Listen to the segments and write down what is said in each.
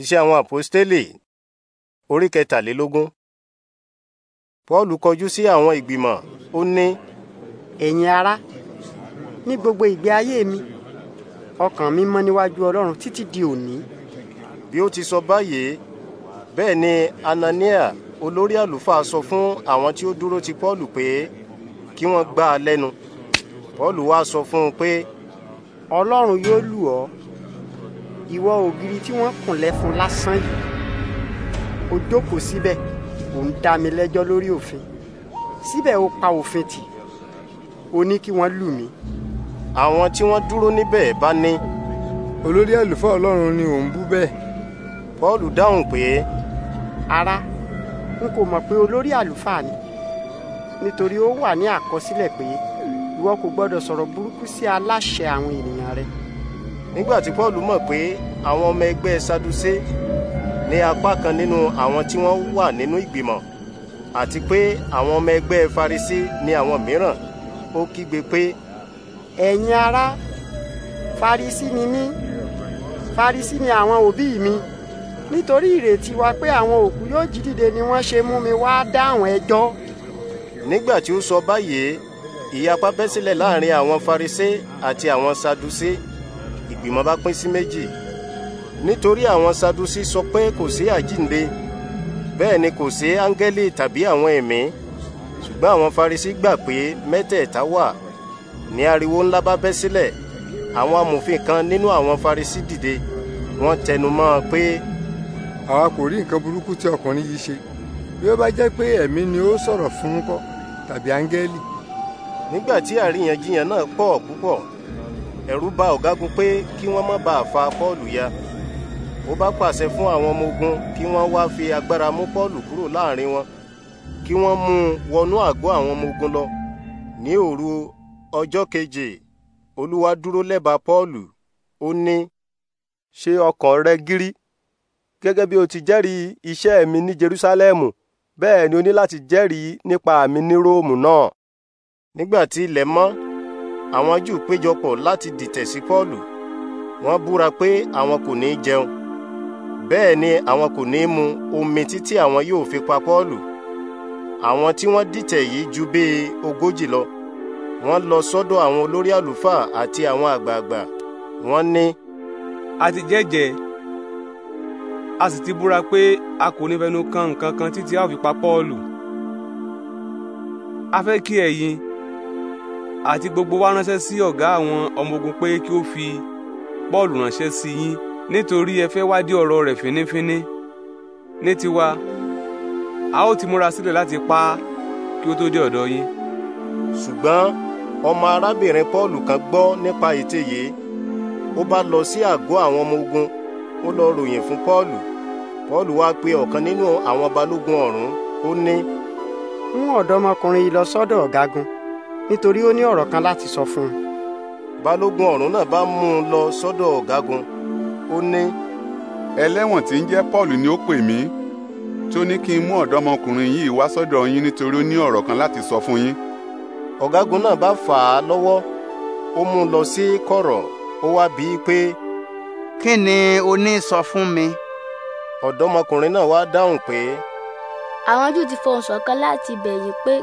Iṣẹ́ àwọn àpọ́stélì orí kẹtàlélógún. Paul kọjú sí àwọn ìgbìmọ̀, ó ní. Ẹ̀yin ará, ní gbogbo ìgbé ayé mi, ọkàn mi mọ́ níwájú Ọlọ́run títí di òní. Bí ó ti sọ báyìí, bẹ́ẹ̀ ni Anania olórí àlùfáà sọ fún àwọn tí ó dúró ti Paul pé kí wọ́n gbá a lẹ́nu. Paul wá sọ fún un pé. Ọlọ́run yóò lù ọ́ ìwọ ògiri tí wọ́n kùn lẹ́fun lásán yìí o jókòó síbẹ̀ ò ń dá mi lẹ́jọ́ lórí òfin síbẹ̀ o pa òfin tì o ní kí wọ́n lù mí. àwọn tí wọ́n dúró níbẹ̀ bá ní. olórí àlùfáà ọlọ́run ni òun bú bẹ́ẹ̀. paul dáhùn pé. ará n kò mọ̀ pé olórí àlùfáà ni nítorí ó wà ní àkọsílẹ̀ pé ìwọ kò gbọ́dọ̀ sọ̀rọ̀ burúkú sí aláṣẹ àwọn ènìyàn rẹ nígbà tí paul mọ̀ pé àwọn ọmọ ẹgbẹ́ sadusé ní apá kan nínú àwọn tí wọ́n wà nínú ìgbìmọ̀ àti pé àwọn ọmọ ẹgbẹ́ farisi ní àwọn mìíràn ó kígbe pé. ẹ̀yin ará farisi ni mí farisi ni àwọn òbí mi nítorí ìrètí wa pé àwọn òkú yóò jí dìde ni wọ́n ṣe mú mi wá dá àwọn ẹjọ́. nígbà tí ó sọ báyìí ìyapa bẹ́ sílẹ̀ láàrin àwọn farisé àti àwọn sadusé ìgbìmọ̀ bá pín sí méjì nítorí àwọn sadusi sọ pé kò sí àjínde bẹ́ẹ̀ ni kò sí áńgẹ́lì tàbí àwọn ẹ̀mí ṣùgbọ́n àwọn farisi gbà pé mẹ́tẹ̀ẹ̀ta wà ní ariwo ńlá bá bẹ́ sílẹ̀ àwọn amòfin kan nínú àwọn farisi dìde wọ́n tẹnu mọ́ ọ pé. àwa kò rí nǹkan burúkú tí ọkùnrin yìí ṣe bí ó bá jẹ́ pé ẹ̀mí ni ó sọ̀rọ̀ fún kọ́ tàbí áńgẹ́lì. nígbà tí àríyànjiyàn náà pọ̀ púpọ̀ ẹ̀rù bà ọ̀gágun pé kí wọ́n má bàa fa Pọ́ọ̀lù ya ó bá pàṣẹ fún àwọn ọmọ ogun kí wọ́n wá fi agbára mú Pọ́ọ̀lù kúrò láàrin wọn kí wọ́n mú un wọnú àgọ́ àwọn ọmọ ogun lọ ní òru ọjọ́ keje olúwa dúró lẹ́bàá Pọ́ọ̀lù ó ní ṣe ọkàn rẹ gírí gẹ́gẹ́ bí o ti jẹ́rìí iṣẹ́ mi ní Jerúsálẹ́mù bẹ́ẹ̀ ni o ní láti jẹ́rìí nípa mi ní Róòmù náà nígbà tí ilẹ̀ mọ́ àwọn Júù péjọpọ̀ láti dìtẹ̀ sí Pọ́ọ̀lù wọ́n búra pé àwọn kò ní jẹun bẹ́ẹ̀ ni àwọn kò ní mu omi títí àwọn yóò fi pa Pọ́ọ̀lù àwọn tí wọ́n dìtẹ̀ yìí ju bíi ogójì lọ wọ́n lọ sọ́dọ̀ àwọn olórí àlùfáà àti àwọn àgbààgbà wọ́n ní. a ti jẹ́jẹ́ a sì ti búra pé a kò ní fẹnu kan nǹkan kan títí a fi pa Pọ́ọ̀lù a fẹ́ kí ẹ̀yin àti gbogbo wa ránṣẹ́ sí ọ̀gá àwọn ọmọ ogun pé kí ó fi Pọ́ọ̀lù ránṣẹ́ sí yín nítorí ẹ fẹ́ wádìí ọ̀rọ̀ rẹ̀ fínífíní ní tiwa a ó ti múra sílẹ̀ láti pa á kí ó tó dé ọ̀dọ̀ yín. ṣùgbọ́n ọmọ arábìnrin Pọ́ọ̀lù kan gbọ́ nípa ète yìí ó bá lọ sí àgọ́ àwọn ọmọ ogun ó lọ ròyìn fún Pọ́ọ̀lù Pọ́ọ̀lù wá pe ọ̀kan nínú àwọn balógun ọ̀rún ó ní. mú ọ̀dọ́mọkùnrin yìí lọ sọ́dọ̀ ọ̀gágun nítorí ó ní ọ̀rọ̀ kan láti sọ fún un. balógun ọ̀rún náà bá mú un lọ sọ́dọ̀ ọ̀gágun ó ní. ẹlẹ́wọ̀n tí ń jẹ́ Paul ni ó pè mí tí ó ní kí n mú ọ̀dọ́mọkùnrin yìí wá sọ́dọ̀ yín nítorí ó ní ọ̀rọ̀ kan láti sọ fún yín. ọ̀gágun náà bá fà á lọ́wọ́ ó mú un lọ sí kọ̀rọ̀ ó wá bí i pé. kí ni o ní sọ fún mi. ọ̀dọ́mọkùnrin náà wá dáhùn pé. àwọn jù ti fohùn ṣọ̀kan láti bẹ̀yìn pé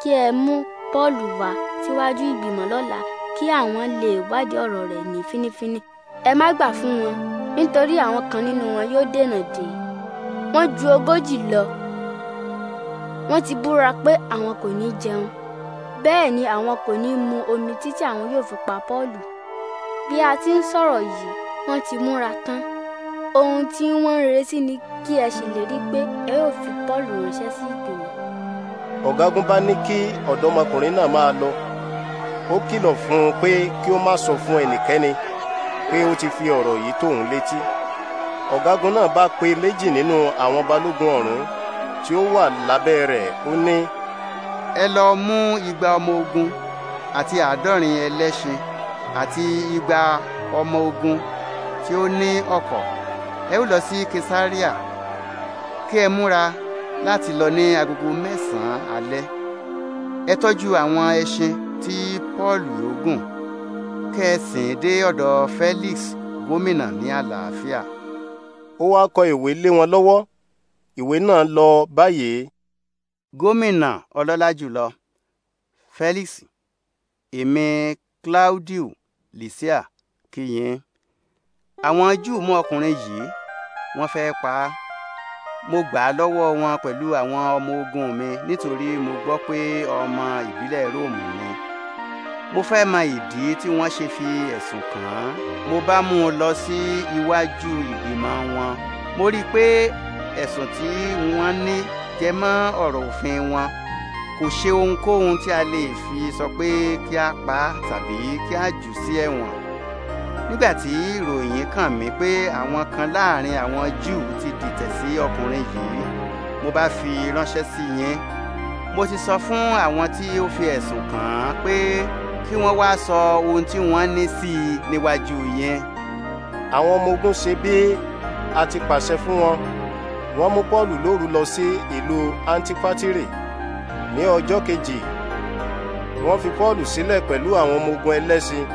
kí ẹ mú Paul wá síwájú ìgbìmọ̀ lọ́la kí àwọn lè wádìí ọ̀rọ̀ rẹ̀ ní fínífíní. ẹ má gbà fún wọn nítorí àwọn kan nínú wọn yóò dènà dé wọ́n ju ogójì lọ wọ́n ti búra pé àwọn kò ní jẹun bẹ́ẹ̀ ni àwọn kò ní mu omi títí àwọn yóò fi pa Paul bí a ti ń sọ̀rọ̀ yìí wọ́n ti múra tán ohun tí wọ́n ń retí ni kí ẹ ṣèlérí pé ẹ yóò fi Paul ránṣẹ́ sí ìgbìmọ̀ ọ̀gágun bá ní kí ọ̀dọ́mọkùnrin náà máa lọ ó kìlọ̀ fún un pé kí ó má sọ fún ẹnikẹ́ni pé ó ti fi ọ̀rọ̀ yìí tóun létí ọ̀gágun náà bá pe méjì nínú àwọn balógun ọ̀rún tí ó wà lábẹ́ rẹ̀ ó ní. ẹ lọ mú igba ọmọ ogun àti àádọ́rin ẹlẹ́ṣin àti igba ọmọ ogun tí ó ní ọ̀kọ̀ ẹ ó lọ sí kesaria kí ẹ múra láti lọ ní agogo mẹ́sàn-án alẹ́ ẹ tọ́jú àwọn ẹṣin tí Pọ́ọ̀lù ó gùn kẹ́sìn dé ọ̀dọ̀ Felix gómìnà ní àlàáfíà. ó wáá kọ ìwé lé wọn lọ́wọ́ ìwé náà lọ báyìí. gómìnà ọlọ́lá jùlọ Felix èmi Claudio Lysia kí yín àwọn Júù mú ọkùnrin yìí wọ́n fẹ́ pa á mo gbà á lọ́wọ́ wọn pẹ̀lú àwọn ọmọ ogun mi nítorí mo gbọ́ pé ọmọ ìbílẹ̀ róòmù ni mo fẹ́ mọ ìdí tí wọ́n ṣe fi ẹ̀sùn kàn án mo bá mú un lọ sí iwájú ìgbìmọ̀ wọn mo rí i pé ẹ̀sùn tí wọ́n ní jẹ mọ́ ọ̀rọ̀ òfin wọn kò ṣe ohunkóhun tí a lè fi sọ pé kí a pa tàbí kí a jù sí ẹ̀wọ̀n nígbà tí ìròyìn kàn mí pé àwọn kan láàrin àwọn Júù ti dìtẹ̀ sí ọkùnrin yìí mo bá fi ránṣẹ́ sí yín mo ti sọ fún àwọn tí ó fi ẹ̀sùn kàn án pé kí wọ́n wá sọ ohun tí wọ́n ní sí i níwájú yẹn. àwọn ọmọ ogun ṣe bí a ti pàṣẹ fún wọn wọ́n mú Pọ́ọ̀lù lóru lọ sí ìlú Antifátírì ní ọjọ́ kejì wọ́n fi Pọ́ọ̀lù sílẹ̀ pẹ̀lú àwọn ọmọ ogun ẹlẹ́sìn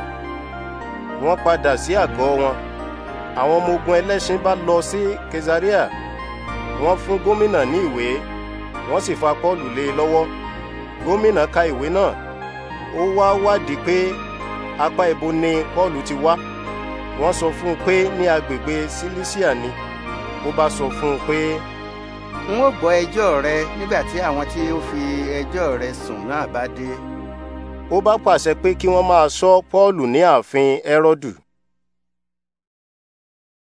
wọ́n padà sí àgọ́ wọn àwọn ọmọ ogun ẹlẹ́ṣin bá lọ sí Kesaria wọ́n fún gómìnà ní ìwé wọ́n sì fa Pọ́ọ̀lù lé e lọ́wọ́ gómìnà ka ìwé náà ó wá wádìí pé apá ibo ni Pọ́ọ̀lù ti wá wọ́n sọ fún un pé ní agbègbè Silisia ni ó bá sọ fún un pé. n ó gbọ́ ẹjọ́ rẹ nígbà tí àwọn tí ó fi ẹjọ́ rẹ sùn náà bá dé ó bá pàṣẹ pé kí wọ́n máa ṣọ́ Pọ́ọ̀lù ní ààfin Hẹ́rọ́dù